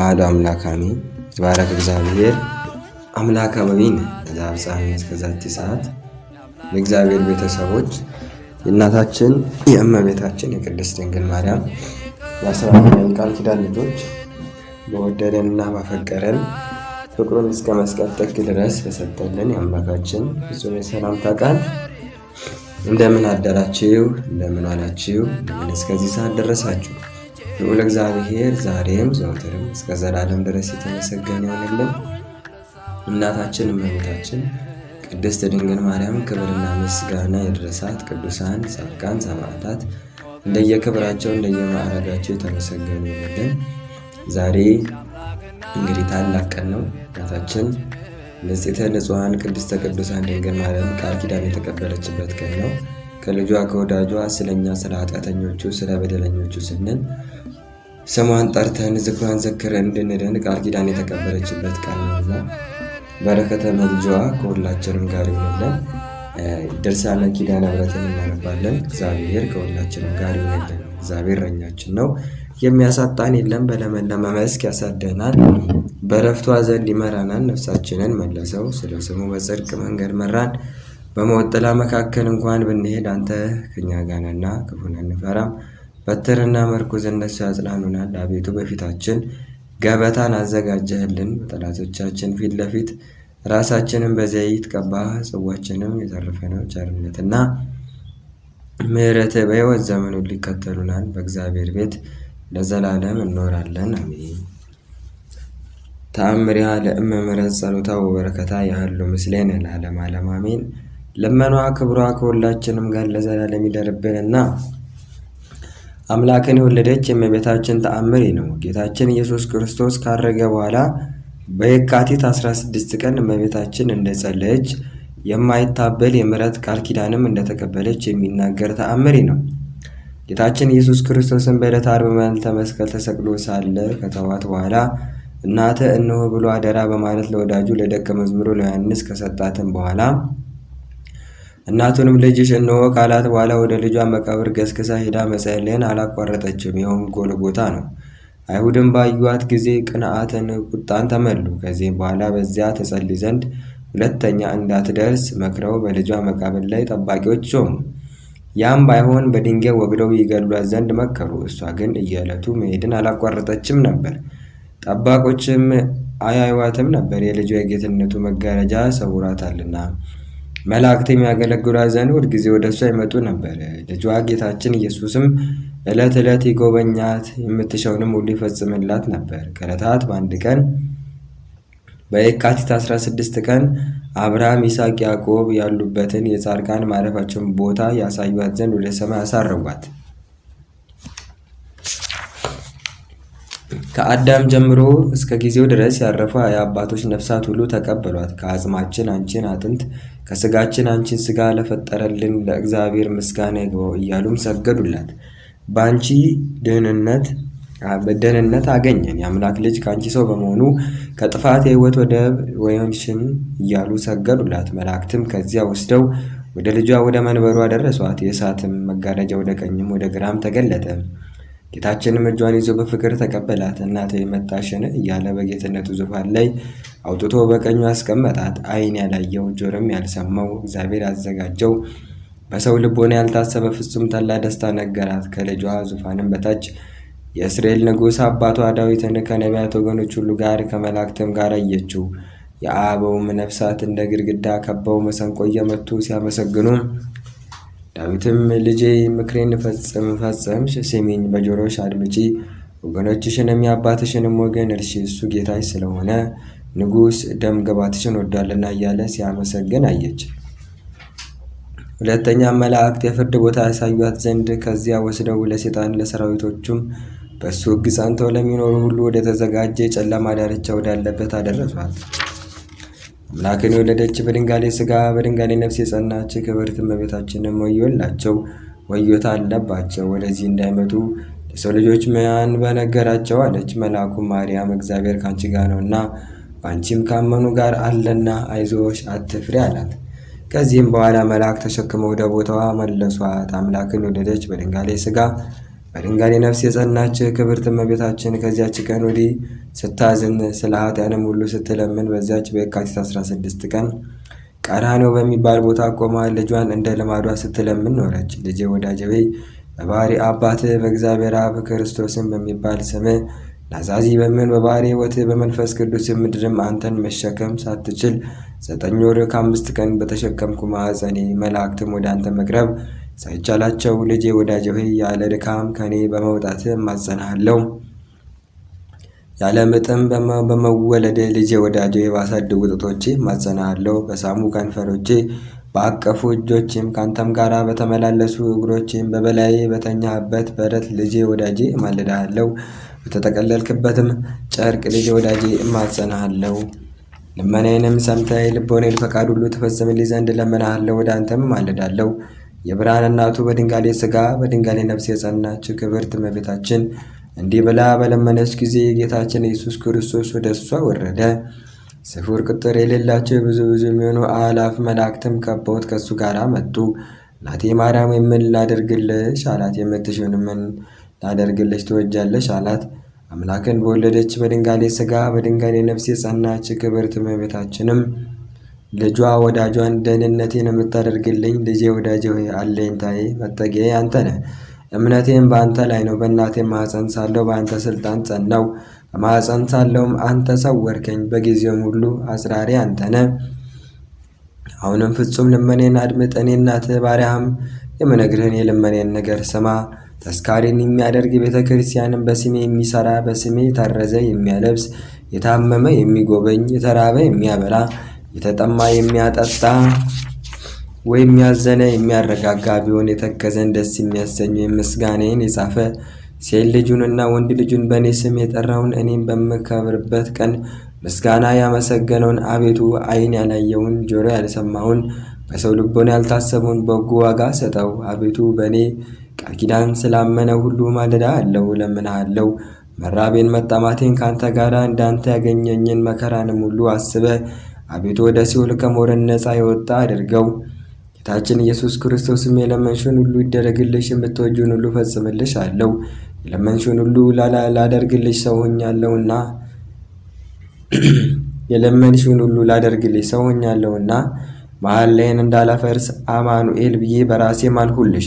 አሐዱ አምላክ አሜን። የተባረከ እግዚአብሔር አምላክ አበዊነ ከዛ ሕፃንነት ከዛቲ ሰዓት የእግዚአብሔር ቤተሰቦች የእናታችን የእመቤታችን የቅድስት ድንግል ማርያም የአስራተኛው ቃል ኪዳን ልጆች በወደደንና ባፈቀረን ፍቅሩን እስከ መስቀል ጥግ ድረስ በሰጠልን የአምላካችን ፍጹም የሰላምታ ቃል እንደምን አደራችሁ? እንደምን ዋላችሁ? እንደምን እስከዚህ ሰዓት ደረሳችሁ? ልዑል እግዚአብሔር ዛሬም ዘወትርም እስከ ዘላለም ድረስ የተመሰገነ ይሆንልን። እናታችን እመቤታችን ቅድስት ድንግል ማርያም ክብርና ምስጋና የደረሳት ቅዱሳን ጻድቃን ሰማዕታት እንደየክብራቸው እንደየማዕረጋቸው የተመሰገኑ ይሆንልን። ዛሬ እንግዲህ ታላቅ ቀን ነው። እናታችን ንጽሕተ ንጹሐን ቅድስተ ቅዱሳን ድንግል ማርያም ቃል ኪዳን የተቀበለችበት ቀን ነው። ከልጇ ከወዳጇ ስለኛ ስለ ኃጢአተኞቹ ስለ በደለኞቹ ስንል ስሟን ጠርተን ዝክሯን ዘክረን እንድንድን ቃል ኪዳን የተቀበለችበት ቀን ነውና በረከተ መልጇ ከሁላችንም ጋር ይሆንልን። ድርሳነ ኪዳነ ምሕረትን እናነባለን። እግዚአብሔር ከሁላችንም ጋር ይሆንልን። እግዚአብሔር እረኛችን ነው፣ የሚያሳጣን የለም። በለመለመ መስክ ያሳደናል፣ በረፍቷ ዘንድ ይመራናል። ነፍሳችንን መለሰው፣ ስለ ስሙ በጽድቅ መንገድ መራን። በሞት ጥላ መካከል እንኳን ብንሄድ አንተ ከኛ ጋር ነህና ክፉን አንፈራም። በትርና መርኩዝ እነሱ ያጽናኑናል። አቤቱ በፊታችን ገበታን አዘጋጀህልን በጠላቶቻችን ፊት ለፊት ራሳችንን በዘይት ቀባ። ጽዋችንም የተረፈ ነው። ቸርነትና ምሕረትህ በሕይወት ዘመኑ ሊከተሉናል። በእግዚአብሔር ቤት ለዘላለም እንኖራለን። አሜን። ተአምሪሃ ለእመ ምሕረት ጸሎታ ወበረከታ ያህሉ ምስሌን ለዓለመ ዓለም አሜን። ልመኗ ክብሯ ከሁላችንም ጋር ለዘላለም ይደርብንና አምላክን የወለደች የእመቤታችን ተአምሬ ነው። ጌታችን ኢየሱስ ክርስቶስ ካረገ በኋላ በየካቲት 16 ቀን እመቤታችን እንደጸለየች የማይታበል የምሕረት ቃል ኪዳንም እንደተቀበለች የሚናገር ተአምሬ ነው። ጌታችን ኢየሱስ ክርስቶስን በዕለተ ዓርብ መልዕልተ መስቀል ተሰቅሎ ሳለ ከተዋት በኋላ እናተ እነሆ ብሎ አደራ በማለት ለወዳጁ ለደቀ መዝሙሩ ለዮሐንስ ከሰጣትም በኋላ እናቱንም ልጅሽ እንሆ ካላት በኋላ ወደ ልጇ መቃብር ገስግሳ ሄዳ መጸለይን አላቋረጠችም። ይኸውም ጎልጎታ ነው። አይሁድም ባዩዋት ጊዜ ቅንዓትን፣ ቁጣን ተመሉ። ከዚህም በኋላ በዚያ ተጸልይ ዘንድ ሁለተኛ እንዳትደርስ መክረው በልጇ መቃብር ላይ ጠባቂዎች ሾሙ። ያም ባይሆን በድንጋይ ወግደው ይገሏት ዘንድ መከሩ። እሷ ግን እየዕለቱ መሄድን አላቋረጠችም ነበር። ጠባቆችም አያይዋትም ነበር፣ የልጇ የጌትነቱ መጋረጃ ሰውራታልና። መላእክት የሚያገለግሏት ዘንድ ሁልጊዜ ወደ እሷ ይመጡ ነበር። ልጇ ጌታችን ኢየሱስም ዕለት ዕለት ይጎበኛት፣ የምትሻውንም ሁሉ ይፈጽምላት ነበር። ከዕለታት በአንድ ቀን በየካቲት 16 ቀን አብርሃም፣ ይስሐቅ፣ ያዕቆብ ያሉበትን የጻድቃን ማረፋቸውን ቦታ ያሳዩት ዘንድ ወደ ሰማይ አሳረጓት። ከአዳም ጀምሮ እስከ ጊዜው ድረስ ያረፉ የአባቶች ነፍሳት ሁሉ ተቀበሏት። ከአጽማችን አንቺን አጥንት ከስጋችን አንቺን ስጋ ለፈጠረልን ለእግዚአብሔር ምስጋና ይግባው እያሉም ሰገዱላት። በአንቺ ደህንነት በደህንነት አገኘን የአምላክ ልጅ ከአንቺ ሰው በመሆኑ ከጥፋት የህይወት ወደብ ወዮንሽን እያሉ ሰገዱላት። መላእክትም ከዚያ ወስደው ወደ ልጇ ወደ መንበሩ አደረሷት። የእሳትም መጋረጃ ወደ ቀኝም ወደ ግራም ተገለጠ። ጌታችንም እጇን ይዞ በፍቅር ተቀበላት። እናቴ መጣሽን እያለ በጌትነቱ ዙፋን ላይ አውጥቶ በቀኙ አስቀመጣት። ዓይን ያላየው ጆሮም ያልሰማው እግዚአብሔር አዘጋጀው። በሰው ልቦና ያልታሰበ ፍጹም ታላ ደስታ ነገራት። ከልጇ ዙፋንም በታች የእስራኤል ንጉሥ አባቷ ዳዊትን ከነቢያት ወገኖች ሁሉ ጋር ከመላእክትም ጋር አየችው። የአበውም ነፍሳት እንደ ግድግዳ ከበው መሰንቆ እየመቱ ሲያመሰግኑ ዳዊትም ልጄ ምክሬን ፈጽም ፈጽም ስሚኝ፣ በጆሮሽ አድምጪ፣ ወገኖችሽንም የአባትሽንም ወገን እርሺ፣ እሱ ጌታሽ ስለሆነ ንጉሥ ደም ገባትሽን ወዷልና እያለ ሲያመሰግን አየች። ሁለተኛ መላእክት የፍርድ ቦታ ያሳዩት ዘንድ ከዚያ ወስደው ለሴጣን ለሰራዊቶቹም በእሱ ሕግ ጸንተው ለሚኖሩ ሁሉ ወደ ተዘጋጀ ጨለማ ዳርቻ ወዳለበት አደረሷት። አምላክን የወለደች በድንጋሌ ስጋ በድንጋሌ ነፍስ የጸናች ክብርት እመቤታችንም ወዮላቸው ወዮታ አለባቸው ወደዚህ እንዳይመጡ ለሰው ልጆች መያን በነገራቸው አለች። መልአኩ ማርያም እግዚአብሔር ካንቺ ጋር ነውና በአንቺም ካመኑ ጋር አለና አይዞሽ አትፍሪ አላት። ከዚህም በኋላ መልአክ ተሸክመው ወደ ቦታዋ መለሷት። አምላክን የወለደች በድንጋሌ ስጋ በድንጋሌ ነፍስ የጸናች ክብርት እመቤታችን ከዚያች ቀን ወዲህ ስታዝን ስለ ኃጢአንም ሁሉ ስትለምን በዚያች በየካቲት 16 ቀን ቀራንዮ በሚባል ቦታ ቆማ ልጇን እንደ ልማዷ ስትለምን ኖረች። ልጄ ወዳጄ ሆይ በባህሪ አባት በእግዚአብሔር አብ ክርስቶስን በሚባል ስም ናዛዚ በምን በባህሪ ሕይወት በመንፈስ ቅዱስ ምድርም አንተን መሸከም ሳትችል ዘጠኝ ወር ከአምስት ቀን በተሸከምኩ ማዕፀኔ መላእክትም ወደ አንተ መቅረብ ሳይቻላቸው ልጄ ወዳጅ ሆይ ያለ ድካም ከእኔ በመውጣት ማጸናሃለሁ። ያለ ምጥም በመወለድ ልጄ ሆይ ባሳድ ጡቶቼ ማጸናሃለሁ። በሳሙ ከንፈሮቼ በአቀፉ እጆቼም ከአንተም ጋራ በተመላለሱ እግሮቼም በበላይ በተኛህበት በረት ልጄ ወዳጄ እማልድሃለሁ። በተጠቀለልክበትም ጨርቅ ልጄ ወዳጄ እማጸናሃለሁ። ልመናዬንም ሰምተህ ልቦኔን ፈቃድ ሁሉ ትፈጽምልኝ ዘንድ እለምንሃለሁ፣ ወደ አንተም እማልዳለሁ። የብርሃን እናቱ በድንጋሌ ሥጋ በድንጋሌ ነፍስ የጸናችው ክብርት እመቤታችን እንዲህ ብላ በለመነች ጊዜ ጌታችን ኢየሱስ ክርስቶስ ወደ እሷ ወረደ። ስፍር ቁጥር የሌላቸው ብዙ ብዙ የሚሆኑ አላፍ መላእክትም ከበውት ከእሱ ጋር መጡ። እናቴ ማርያም የምን ላደርግልሽ አላት። የምትሽን ምን ላደርግልሽ ትወጃለሽ አላት። አምላክን በወለደች በድንጋሌ ሥጋ በድንጋሌ ነፍስ የጸናች ክብርት እመቤታችንም ልጇ ወዳጇን ደህንነቴን የምታደርግልኝ ልጄ ወዳጅ ሆይ አለኝታዬ መጠጊያዬ አንተ ነህ። እምነቴም በአንተ ላይ ነው። በእናቴ ማኅፀን ሳለው በአንተ ስልጣን ጸናው። ከማኅፀን ሳለውም አንተ ሰወርከኝ። በጊዜውም ሁሉ አጽራሪ አንተ ነህ። አሁንም ፍጹም ልመኔን አድምጥ። እኔ እናትህ ባሪያህም የምነግርህን የልመኔን ነገር ስማ። ተስካሪን የሚያደርግ ቤተ ክርስቲያንን በስሜ የሚሰራ በስሜ የታረዘ የሚያለብስ የታመመ የሚጎበኝ የተራበ የሚያበላ የተጠማ የሚያጠጣ ወይም ያዘነ የሚያረጋጋ ቢሆን የተከዘን ደስ የሚያሰኘው ምስጋናዬን የጻፈ ሴት ልጁንና ወንድ ልጁን በእኔ ስም የጠራውን እኔም በምከብርበት ቀን ምስጋና ያመሰገነውን አቤቱ ዓይን ያላየውን ጆሮ ያልሰማውን በሰው ልቦን ያልታሰበውን በጎ ዋጋ ሰጠው። አቤቱ በእኔ ቃል ኪዳን ስላመነ ሁሉ ማለዳ አለው ለምንሃለው። መራቤን መጠማቴን ከአንተ ጋር እንዳንተ ያገኘኝን መከራንም ሁሉ አስበ አቤቱ ወደ ሲኦል ከመውረድ ነፃ የወጣ አድርገው። ጌታችን ኢየሱስ ክርስቶስም የለመንሽን ሁሉ ይደረግልሽ፣ የምትወጂውን ሁሉ ፈጽምልሽ አለው። የለመንሽን ሁሉ ላደርግልሽ ሰው ሆኛለሁና የለመንሽን ሁሉ ላደርግልሽ ሰው ሆኛለሁና ላይን እንዳላፈርስ አማኑኤል ብዬ በራሴ ማልሁልሽ።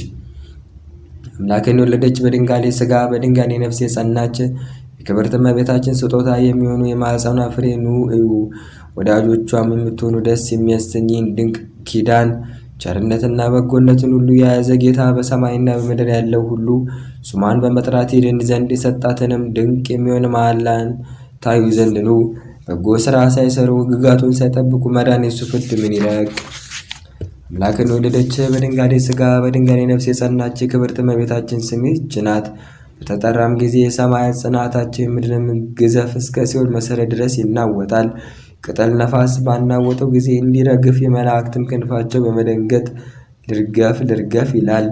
አምላክን የወለደች በድንጋሌ ስጋ በድንጋሌ ነፍስ የጸናች የክብርት እመቤታችን ስጦታ የሚሆኑ የማኅፀኗ ፍሬ ኑ እዩ ወዳጆቿም የምትሆኑ ደስ የሚያሰኝን ድንቅ ኪዳን ቸርነትና በጎነትን ሁሉ የያዘ ጌታ በሰማይና በምድር ያለው ሁሉ ስሟን በመጥራት ይድን ዘንድ የሰጣትንም ድንቅ የሚሆን መሐላን ታዩ ዘንድ ኑ። በጎ ሥራ ሳይሰሩ ግጋቱን ሳይጠብቁ መዳን የሱ ፍርድ ምን ይለቅ? አምላክን ወለደች፣ በድንጋዴ ስጋ በድንጋዴ ነፍስ የጸናች ክብርት እመቤታችን ስም ይህች ናት። በተጠራም ጊዜ የሰማያት ጽናታቸው የምድርም ግዘፍ እስከ ሲኦል መሰረት ድረስ ይናወጣል። ቅጠል ነፋስ ባናወጠው ጊዜ እንዲረግፍ የመላእክትም ክንፋቸው በመደንገጥ ልርገፍ ልርገፍ ይላል።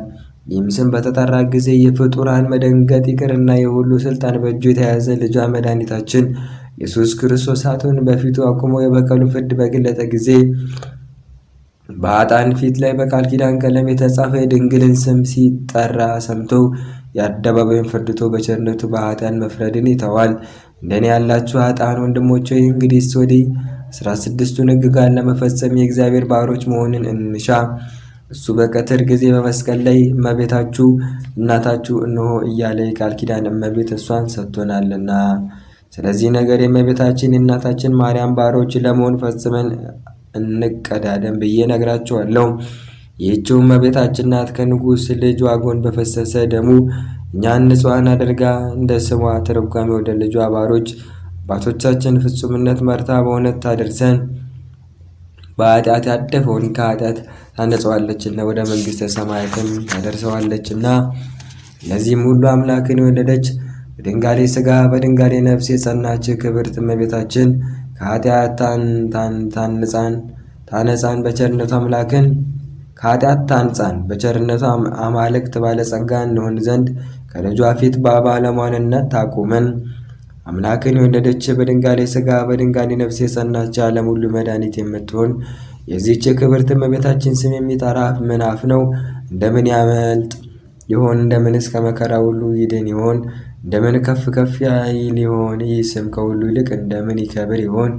ይህም ስም በተጠራ ጊዜ የፍጡራን መደንገጥ ይቅርና የሁሉ ስልጣን በእጁ የተያዘ ልጇ መድኃኒታችን ኢየሱስ ክርስቶስ ሳቱን በፊቱ አቁሞ የበቀሉን ፍርድ በገለጠ ጊዜ በአጣን ፊት ላይ በቃል ኪዳን ቀለም የተጻፈ የድንግልን ስም ሲጠራ ሰምቶ የአደባባይን ፈርድቶ በቸርነቱ በኃጢአን መፍረድን ይተዋል። እንደኔ ያላችሁ አጣን ወንድሞች ሆይ እንግዲህ ወዲህ አስራ ስድስቱን ሕግጋት ለመፈጸም የእግዚአብሔር ባሮች መሆንን እንሻ። እሱ በቀትር ጊዜ በመስቀል ላይ እመቤታችሁ እናታችሁ እንሆ እያለ የቃል ኪዳን እመቤት እሷን ሰጥቶናልና ስለዚህ ነገር የእመቤታችን የእናታችን ማርያም ባሮች ለመሆን ፈጽመን እንቀዳደን ብዬ ነግራችኋለሁ። ይህችው እመቤታችን ናት ከንጉሥ ልጅ ዋጎን በፈሰሰ ደሙ እኛን ንጹሐን አድርጋ እንደ ስሟ ትርጓሜ ወደ ልጇ ባሮች አባቶቻችን ፍጹምነት መርታ በእውነት ታደርሰን በኃጢአት ያደፈውን ከኃጢአት ታነጸዋለችና ወደ መንግሥተ ሰማያትም ታደርሰዋለችና ለዚህም ሁሉ አምላክን የወለደች በድንጋሌ ሥጋ በድንጋሌ ነፍስ የጸናች ክብርት እመቤታችን ከኃጢአት ታንጻን ታነጻን በቸርነቱ አምላክን ከኃጢአት ታንጻን በቸርነቱ አማልክት ባለጸጋ እንሆን ዘንድ ከልጇ ፊት በባለሟልነት ታቁመን አምላክን የወለደች በድንጋሌ ሥጋ በድንጋሌ ነፍስ የጸናች ዓለም ሁሉ መድኃኒት የምትሆን የዚች ክብርት እመቤታችን ስም የሚጠራ ምን አፍ ነው? እንደምን ያመልጥ ይሆን? እንደምንስ ከመከራ ሁሉ ይድን ይሆን? እንደምን ከፍ ከፍ ያይል ይሆን? ይህ ስም ከሁሉ ይልቅ እንደምን ይከብር ይሆን?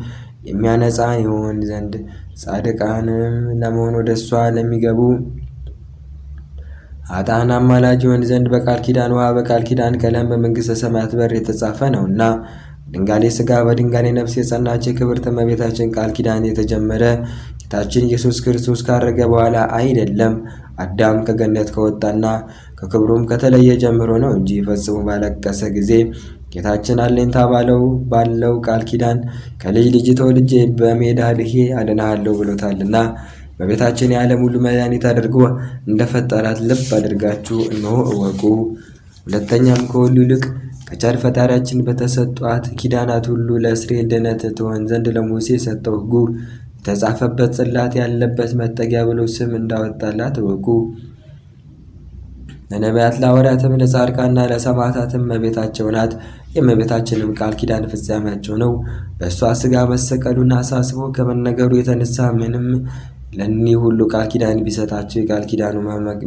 የሚያነጻ ይሆን ዘንድ ጻድቃንም ለመሆን ወደ እሷ ለሚገቡ ኃጥአን አማላጅ ይሆን ዘንድ በቃል ኪዳን ውሃ በቃል ኪዳን ቀለም በመንግሥተ ሰማያት በር የተጻፈ ነውና ድንጋሌ ሥጋ በድንጋሌ ነፍስ የጸናች የክብርት እመቤታችን ቃል ኪዳን የተጀመረ ጌታችን ኢየሱስ ክርስቶስ ካረገ በኋላ አይደለም፣ አዳም ከገነት ከወጣና ከክብሩም ከተለየ ጀምሮ ነው እንጂ ፈጽሞ ባለቀሰ ጊዜ ጌታችን አለኝታ ባለው ባለው ቃል ኪዳን ከልጅ ልጅ ተወልጄ በሜዳ ልሄ አድንሃለሁ ብሎታልና። በቤታችን የዓለም ሁሉ መድኃኒት አድርጎ እንደፈጠራት ልብ አድርጋችሁ እነሆ እወቁ። ሁለተኛም ከሁሉ ይልቅ ከቻድ ፈጣሪያችን በተሰጧት ኪዳናት ሁሉ ለእስራኤል ድነት ትሆን ዘንድ ለሙሴ የሰጠው ሕጉ የተጻፈበት ጽላት ያለበት መጠጊያ ብሎ ስም እንዳወጣላት እወቁ። ለነቢያት ለሐዋርያትም ለጻድቃንና ለሰማዕታትም እመቤታቸው ናት። የእመቤታችንም ቃል ኪዳን ፍጻሜያቸው ነው። በእሷ ስጋ መሰቀሉን አሳስቦ ከመነገሩ የተነሳ ምንም ለእኒህ ሁሉ ቃል ኪዳን ቢሰጣቸው የቃል ኪዳኑ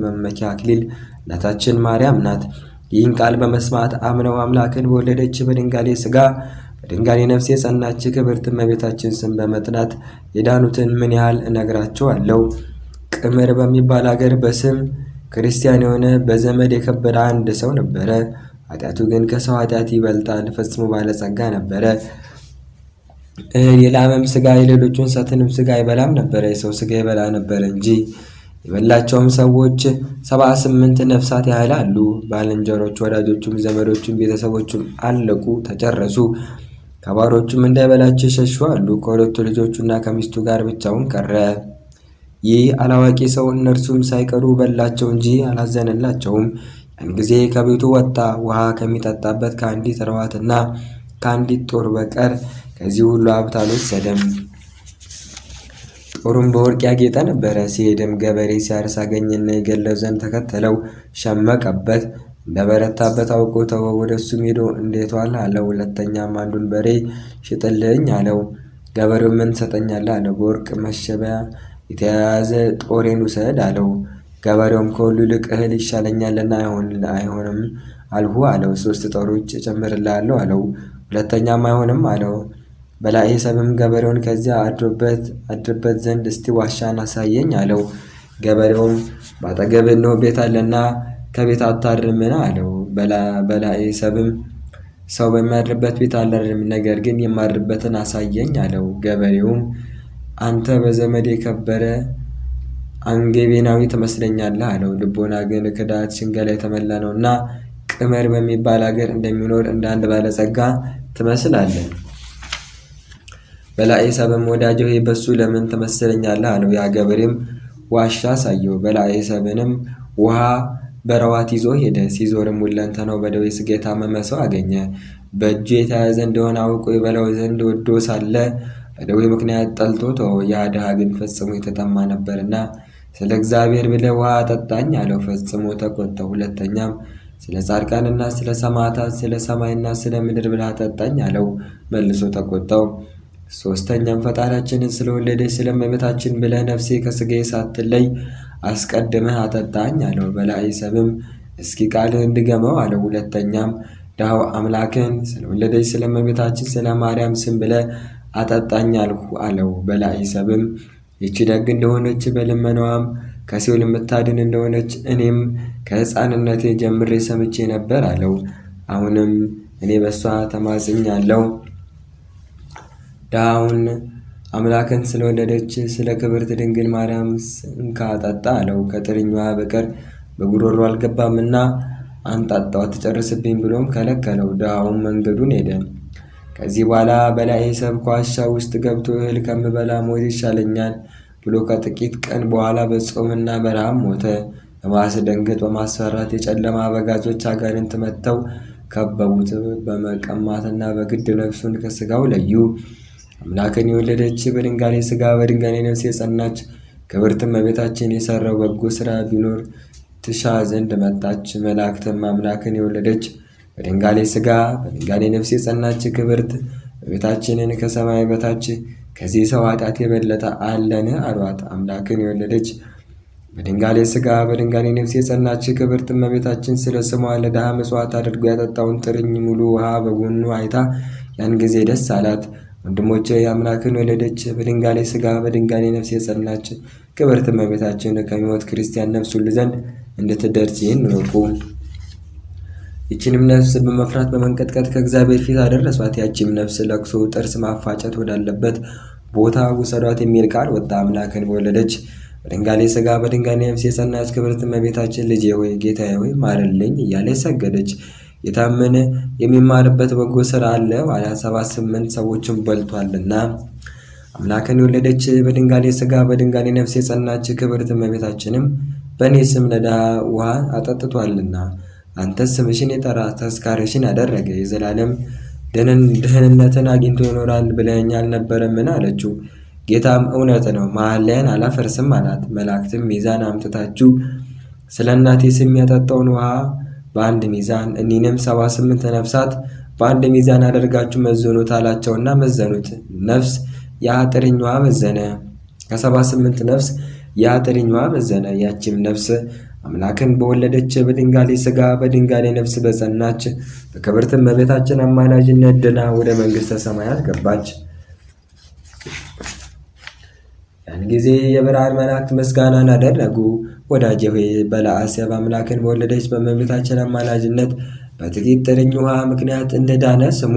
መመኪያ አክሊል እናታችን ማርያም ናት። ይህን ቃል በመስማት አምነው አምላክን በወለደች በድንጋሌ ስጋ በድንጋሌ ነፍስ የጸናች ክብርት እመቤታችን ስም በመጥናት የዳኑትን ምን ያህል እነግራቸዋለሁ። ቅምር በሚባል አገር በስም ክርስቲያን የሆነ በዘመድ የከበረ አንድ ሰው ነበረ። ኃጢአቱ ግን ከሰው ኃጢአት ይበልጣል። ፈጽሞ ባለጸጋ ነበረ። የላመም ስጋ የሌሎችን እንስሳትንም ስጋ አይበላም ነበረ፣ የሰው ስጋ ይበላ ነበረ እንጂ። የበላቸውም ሰዎች ሰባ ስምንት ነፍሳት ያህል አሉ። ባልንጀሮች፣ ወዳጆቹም፣ ዘመዶቹም፣ ቤተሰቦቹም አለቁ፣ ተጨረሱ። ከባሮቹም እንዳይበላቸው ይሸሹ አሉ። ከሁለቱ ልጆቹና ከሚስቱ ጋር ብቻውን ቀረ። ይህ አላዋቂ ሰው እነርሱም ሳይቀሩ በላቸው እንጂ አላዘነላቸውም። ያን ጊዜ ከቤቱ ወጣ፣ ውሃ ከሚጠጣበት ከአንዲት ርዋትና ከአንዲት ጦር በቀር ከዚህ ሁሉ ሀብት አልወሰደም። ጦሩም በወርቅ ያጌጠ ነበረ። ሲሄድም ገበሬ ሲያርስ አገኘና የገለው ዘንድ ተከተለው፣ ሸመቀበት። እንደበረታበት አውቆ ተወ። ወደ እሱም ሄዶ እንዴት አለው። ሁለተኛም አንዱን በሬ ሽጥልኝ አለው። ገበሬው ምን ትሰጠኛለህ አለው። በወርቅ መሸቢያ የተያያዘ ጦሬን ውሰድ አለው። ገበሬውም ከሁሉ ይልቅ እህል ይሻለኛልና አይሆንም አልሁ አለው። ሶስት ጦሮች እጨምርልሃለሁ አለው። ሁለተኛም አይሆንም አለው። በላዔሰብም ገበሬውን ከዚያ አድርበት አድርበት ዘንድ እስቲ ዋሻን አሳየኝ አለው። ገበሬውም በአጠገብህ ነው ቤት አለና ከቤት አታርምን አለው። በላዔሰብም ሰው በሚያድርበት ቤት አላድርም፣ ነገር ግን የማድርበትን አሳየኝ አለው። ገበሬውም አንተ በዘመድ የከበረ አንጌቤናዊ ትመስለኛለህ አለው። ልቦና ግን ክዳት፣ ሽንገላ የተመላ ነው እና ቅመር በሚባል ሀገር እንደሚኖር እንደ አንድ ባለጸጋ ትመስላለን። በላዔሰብም ወዳጄ ሆይ በሱ ለምን ትመስለኛለህ? አለው። ያ ገበሬም ዋሻ አሳየው። በላዔሰብንም ውሃ በረዋት ይዞ ሄደ። ሲዞርም ነው በደዌ ሥጋ የታመመ ሰው አገኘ። በእጁ የተያዘ እንደሆነ አውቆ የበላው ዘንድ ወዶ ሳለ በደዌ ምክንያት ጠልቶ ተወው። ያ ድሃ ግን ፈጽሞ የተጠማ ነበርና ስለ እግዚአብሔር ብለ ውሃ አጠጣኝ አለው። ፈጽሞ ተቆጣው። ሁለተኛም ስለ ጻድቃንና ስለ ሰማዕታት፣ ስለ ሰማይና ስለ ምድር ብለ አጠጣኝ አለው። መልሶ ተቆጣው። ሶስተኛም ፈጣሪያችንን ስለወለደች ስለ እመቤታችን ብለህ ነፍሴ ከሥጋዬ ሳትለይ አስቀድመህ አጠጣኝ አለው። በላይ ሰብም እስኪ ቃልህ እንድገመው አለው። ሁለተኛም ድሃው አምላክን ስለወለደች ስለ እመቤታችን ስለ ማርያም ስም ብለህ አጠጣኝ አልሁ አለው። በላይ ሰብም ይቺ ደግ እንደሆነች በልመናዋም ከሲኦል የምታድን እንደሆነች እኔም ከሕፃንነቴ ጀምሬ ሰምቼ ነበር አለው። አሁንም እኔ በእሷ ተማጽኛለሁ። ድሃውን አምላክን ስለወለደች ስለ ክብርት ድንግል ማርያም እንካ ጠጣ አለው። ከጥርኛዋ በቀር በጉሮሮ አልገባምና አንጣጣው አትጨርስብኝ ብሎም ከለከለው። ድሃውን መንገዱን ሄደ። ከዚህ በኋላ በላይ ሰብኮ ዋሻ ውስጥ ገብቶ እህል ከምበላ ሞት ይሻለኛል ብሎ ከጥቂት ቀን በኋላ በጾምና በረሃም ሞተ። በማስደንገጥ በማስፈራት የጨለማ አበጋዞች አጋንንት መጥተው ከበቡት። በመቀማትና በግድ ነፍሱን ከስጋው ለዩ። አምላክን የወለደች በድንጋሌ ስጋ በድንጋሌ ነፍስ የጸናች ክብርት እመቤታችን የሰራው በጎ ስራ ቢኖር ትሻ ዘንድ መጣች። መላእክትም አምላክን የወለደች በድንጋሌ ስጋ በድንጋሌ ነፍስ የጸናች ክብርት እመቤታችንን ከሰማይ በታች ከዚህ ሰው ኃጢአት የበለጠ አለን አሏት። አምላክን የወለደች በድንጋሌ ስጋ በድንጋሌ ነፍስ የጸናች ክብርት እመቤታችን ስለ ስሟ ለድሃ መስዋዕት አድርጎ ያጠጣውን ጥርኝ ሙሉ ውሃ በጎኑ አይታ ያን ጊዜ ደስ አላት። ወንድሞቼ የአምላክን ወለደች፣ በድንጋሌ ስጋ በድንጋሌ ነፍስ የጸናች ክብርት እመቤታችን ከሚሞት ክርስቲያን ነፍስ ሁሉ ዘንድ እንድትደርስ ይህን እወቁ። ይችንም ነፍስ በመፍራት በመንቀጥቀጥ ከእግዚአብሔር ፊት አደረሷት። ያችም ነፍስ ለቅሶ፣ ጥርስ ማፋጨት ወዳለበት ቦታ ውሰዷት የሚል ቃል ወጣ። አምላክን በወለደች በድንጋሌ ስጋ በድንጋሌ ነፍስ የጸናች ክብርት እመቤታችን ልጄ ሆይ ጌታዬ ሆይ ማርልኝ እያለ ሰገደች። የታመነ የሚማርበት በጎ ስራ አለ ባለ ሰባ ስምንት ሰዎችን በልቷልና። አምላክን የወለደች በድንጋሌ ስጋ በድንጋሌ ነፍስ የጸናች ክብርት እመቤታችንም በእኔ ስም ለዳ ውሃ አጠጥቷልና አንተ ስምሽን የጠራ ተስካሪሽን ያደረገ የዘላለም ደህንነትን አግኝቶ ይኖራል ብለኸኝ አልነበረምን? አለችው። ጌታም እውነት ነው መሐላዬን አላፈርስም አላት። መላእክትም ሚዛን አምጥታችሁ ስለ እናቴ ስም ያጠጣውን ውሃ በአንድ ሚዛን እኒህንም ሰባ ስምንት ነፍሳት በአንድ ሚዛን አደርጋችሁ መዘኑት አላቸውና መዘኑት። ነፍስ የአጥርኛዋ መዘነ ከሰባ ስምንት ነፍስ የአጥርኛዋ መዘነ። ያቺም ነፍስ አምላክን በወለደች በድንጋሌ ሥጋ በድንጋሌ ነፍስ በጸናች በክብርት እመቤታችን አማላጅነት ድና ወደ መንግሥተ ሰማያት ገባች። ያን ጊዜ የብርሃን መላእክት ምስጋናን አደረጉ። ወዳጅ ሆይ በለአሰብ አምላክን በወለደች በእመቤታችን አማላጅነት በጥቂት ጥርኝ ውሃ ምክንያት እንደዳነ ስሙ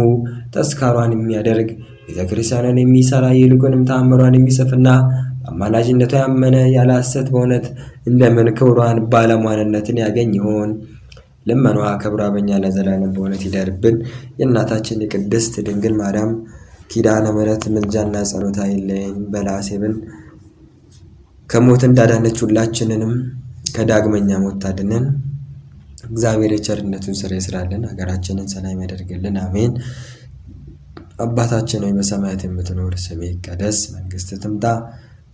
ተስካሯን የሚያደርግ ቤተ ክርስቲያንን የሚሰራ ይልቁንም ተአምሯን የሚጽፍና በአማላጅነቷ ያመነ ያላሰት በእውነት እንደምን ክብሯን ባለሟንነትን ያገኝ ይሆን? ልመኗ ክብሯ በኛ ለዘላለም በእውነት ይደርብን። የእናታችን የቅድስት ድንግል ማርያም ኪዳነ ምሕረት ምልጃና ጸሎታ አይለየን። በለአሴብን ከሞት እንዳዳነች ሁላችንንም ከዳግመኛ ሞት ታድነን። እግዚአብሔር የቸርነቱን ስራ ይስራልን፣ ሀገራችንን ሰላም ያደርግልን። አሜን። አባታችን ሆይ በሰማያት የምትኖር ስምህ ይቀደስ፣ መንግስት ትምጣ፣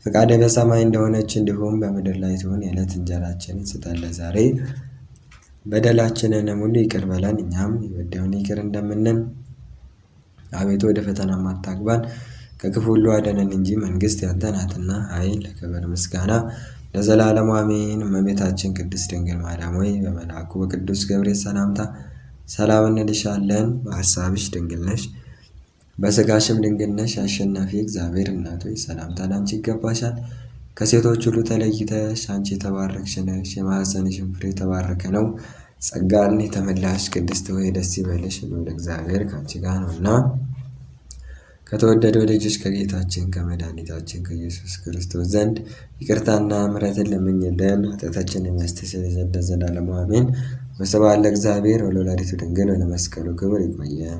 ፈቃደ በሰማይ እንደሆነች እንዲሁም በምድር ላይ ትሁን። የዕለት እንጀራችንን ስጠን ዛሬ፣ በደላችንን ሙሉ ይቅር በለን እኛም የበደሉንን ይቅር እንደምንን። አቤቱ ወደ ፈተና አታግባን ከክፉ ሁሉ አደነን እንጂ መንግስት ያንተ ናትና፣ ኃይል፣ ክብር፣ ምስጋና ለዘላለም አሜን። እመቤታችን ቅድስት ድንግል ማርያም ሆይ በመልአኩ በቅዱስ ገብርኤል ሰላምታ ሰላም እንልሻለን። በሀሳብሽ ድንግል ነሽ፣ በስጋሽም ድንግል ነሽ። አሸናፊ እግዚአብሔር እናቶ ሰላምታ ላንቺ ይገባሻል። ከሴቶች ሁሉ ተለይተሽ አንቺ የተባረክሽ ነሽ፣ የማኅፀንሽም ፍሬ የተባረከ ነው። ጸጋን የተመላሽ ቅድስት ሆይ ደስ ይበልሽ፣ ልዑል እግዚአብሔር ከአንቺ ጋር ነውና ከተወደደው ልጅሽ ከጌታችን ከመድኃኒታችን ከኢየሱስ ክርስቶስ ዘንድ ይቅርታና ምሕረትን ለምኝልን ኃጢአታችን የሚያስተስር ዘንድ ዘላለሙ አሜን። ወስብሐት ለእግዚአብሔር ወለወላዲቱ ድንግል ወለመስቀሉ ክብር። ይቆየን።